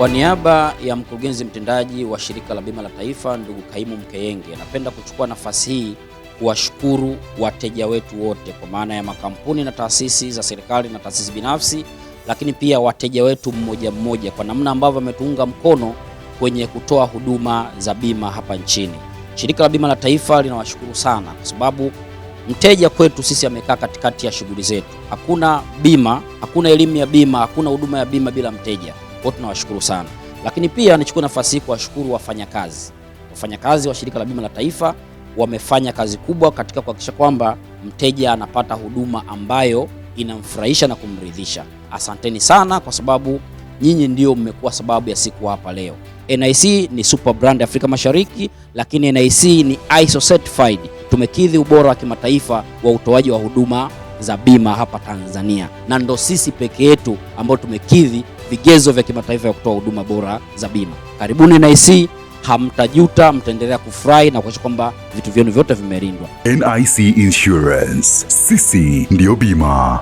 Kwa niaba ya mkurugenzi mtendaji wa Shirika la Bima la Taifa, ndugu Kaimu Mkeyenge, napenda kuchukua nafasi hii kuwashukuru wateja wetu wote kwa maana ya makampuni na taasisi za serikali na taasisi binafsi, lakini pia wateja wetu mmoja mmoja kwa namna ambavyo wametuunga mkono kwenye kutoa huduma za bima hapa nchini. Shirika la Bima la Taifa linawashukuru sana kwa sababu mteja kwetu sisi amekaa katikati ya shughuli zetu. Hakuna bima, hakuna elimu ya bima, hakuna huduma ya bima bila mteja. Kwa tunawashukuru sana, lakini pia nichukue nafasi hii kuwashukuru wafanyakazi wafanyakazi wa Shirika la Bima la Taifa wamefanya kazi kubwa katika kuhakikisha kwamba mteja anapata huduma ambayo inamfurahisha na kumridhisha. Asanteni sana kwa sababu nyinyi ndio mmekuwa sababu ya siku hapa leo. NIC ni super brand Afrika Mashariki, lakini NIC ni ISO certified. Tumekidhi ubora wa kimataifa wa utoaji wa huduma za bima hapa Tanzania, na ndo sisi peke yetu ambao tumekidhi vigezo vya kimataifa vya kutoa huduma bora za bima. Karibuni NIC, hamtajuta, mtaendelea kufurahi na kuhakikisha kwamba vitu vyenu vyote vimelindwa. NIC Insurance, sisi ndiyo bima.